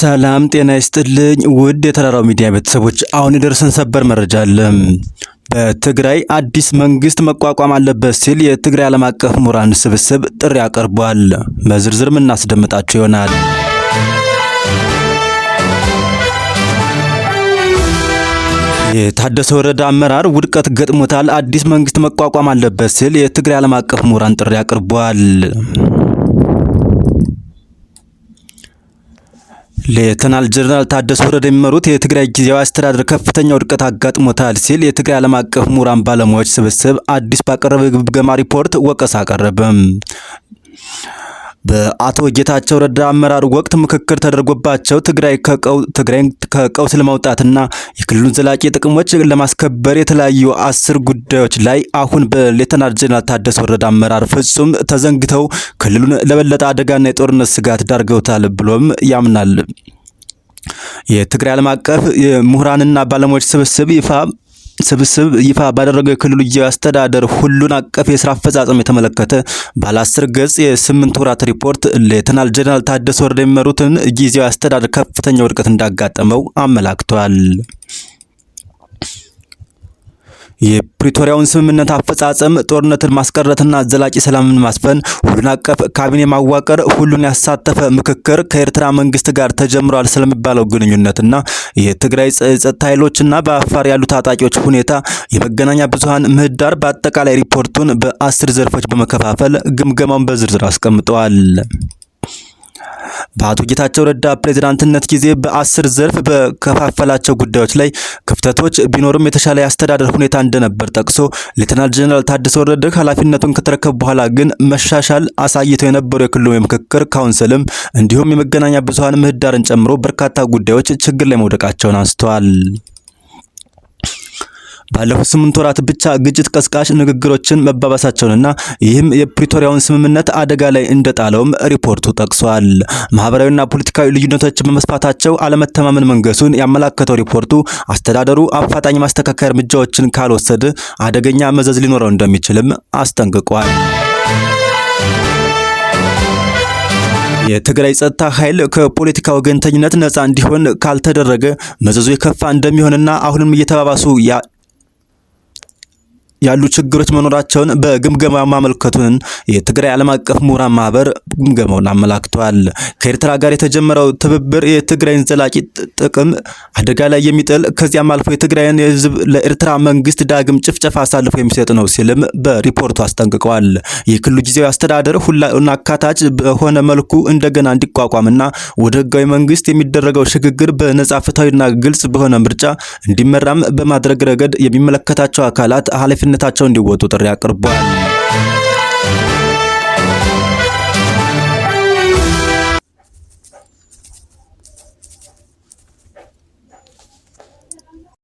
ሰላም ጤና ይስጥልኝ ውድ የተራራው ሚዲያ ቤተሰቦች፣ አሁን የደረሰን ሰበር መረጃ አለ። በትግራይ አዲስ መንግስት መቋቋም አለበት ሲል የትግራይ ዓለም አቀፍ ምሁራን ስብስብ ጥሪ አቀርቧል። በዝርዝር የምናስደምጣቸው ይሆናል። የታደሰ ወረዳ አመራር ውድቀት ገጥሞታል፣ አዲስ መንግስት መቋቋም አለበት ሲል የትግራይ ዓለም አቀፍ ምሁራን ጥሪ አቅርቧል። ሌተናል ጀነራል ታደሰ ወረደ የሚመሩት የትግራይ ጊዜያዊ አስተዳደር ከፍተኛ ውድቀት አጋጥሞታል ሲል የትግራይ ዓለም አቀፍ ምሁራን ባለሙያዎች ስብስብ አዲስ ባቀረበ ግምገማ ሪፖርት ወቀሳ አቀረበም። በአቶ ጌታቸው ረዳ አመራር ወቅት ምክክር ተደርጎባቸው ትግራይ ከቀውስ ለማውጣትና የክልሉን ዘላቂ ጥቅሞች ለማስከበር የተለያዩ አስር ጉዳዮች ላይ አሁን በሌተናል ጀነራል ታደሰ ወረዳ አመራር ፍጹም ተዘንግተው ክልሉን ለበለጠ አደጋና የጦርነት ስጋት ዳርገውታል ብሎም ያምናል። የትግራይ ዓለም አቀፍ ምሁራንና ባለሙያዎች ስብስብ ይፋ ስብስብ ይፋ ባደረገው የክልሉ ጊዜያዊ አስተዳደር ሁሉን አቀፍ የስራ አፈጻጸም የተመለከተ ባለ አስር ገጽ የስምንት ወራት ሪፖርት ሌተናል ጀነራል ታደሰ ወረደ የሚመሩትን ጊዜያዊ አስተዳደር ከፍተኛ ውድቀት እንዳጋጠመው አመላክቷል። የፕሪቶሪያውን ስምምነት አፈጻጸም፣ ጦርነትን ማስቀረትና ዘላቂ ሰላምን ማስፈን፣ ሁሉን አቀፍ ካቢኔ ማዋቀር፣ ሁሉን ያሳተፈ ምክክር፣ ከኤርትራ መንግስት ጋር ተጀምሯል ስለሚባለው ግንኙነትና የትግራይ ጸጥታ ኃይሎችና በአፋር ያሉ ታጣቂዎች ሁኔታ የመገናኛ ብዙሃን ምህዳር በአጠቃላይ ሪፖርቱን በአስር ዘርፎች በመከፋፈል ግምገማውን በዝርዝር አስቀምጠዋል። በአቶ ጌታቸው ረዳ ፕሬዝዳንትነት ጊዜ በአስር ዘርፍ በከፋፈላቸው ጉዳዮች ላይ ክፍተቶች ቢኖርም የተሻለ የአስተዳደር ሁኔታ እንደነበር ጠቅሶ ሌተናል ጄኔራል ታደሰ ወረደ ኃላፊነቱን ከተረከቡ በኋላ ግን መሻሻል አሳይተው የነበሩ የክልሉ የምክክር ካውንስልም እንዲሁም የመገናኛ ብዙሀን ምህዳርን ጨምሮ በርካታ ጉዳዮች ችግር ላይ መውደቃቸውን አንስተዋል። ባለፉት ስምንት ወራት ብቻ ግጭት ቀስቃሽ ንግግሮችን መባባሳቸውንና ይህም የፕሪቶሪያውን ስምምነት አደጋ ላይ እንደጣለውም ሪፖርቱ ጠቅሷል። ማህበራዊና ፖለቲካዊ ልዩነቶች በመስፋታቸው አለመተማመን መንገሱን ያመላከተው ሪፖርቱ አስተዳደሩ አፋጣኝ ማስተካከያ እርምጃዎችን ካልወሰደ አደገኛ መዘዝ ሊኖረው እንደሚችልም አስጠንቅቋል። የትግራይ ጸጥታ ኃይል ከፖለቲካ ወገንተኝነት ነፃ እንዲሆን ካልተደረገ መዘዙ የከፋ እንደሚሆንና አሁንም እየተባባሱ ያሉ ችግሮች መኖራቸውን በግምገማ ማመልከቱን የትግራይ ዓለም አቀፍ ምሁራን ማህበር ግምገማውን አመላክቷል። ከኤርትራ ጋር የተጀመረው ትብብር የትግራይን ዘላቂ ጥቅም አደጋ ላይ የሚጥል ከዚያም አልፎ የትግራይን ህዝብ ለኤርትራ መንግስት ዳግም ጭፍጨፍ አሳልፎ የሚሰጥ ነው ሲልም በሪፖርቱ አስጠንቅቀዋል። የክልሉ ጊዜያዊ አስተዳደር ሁሉን አካታች በሆነ መልኩ እንደገና እንዲቋቋምና ወደ ህጋዊ መንግስት የሚደረገው ሽግግር በነጻ ፍትሐዊና ግልጽ በሆነ ምርጫ እንዲመራም በማድረግ ረገድ የሚመለከታቸው አካላት ኃላፊነት ኃላፊነታቸው እንዲወጡ ጥሪ አቅርቧል።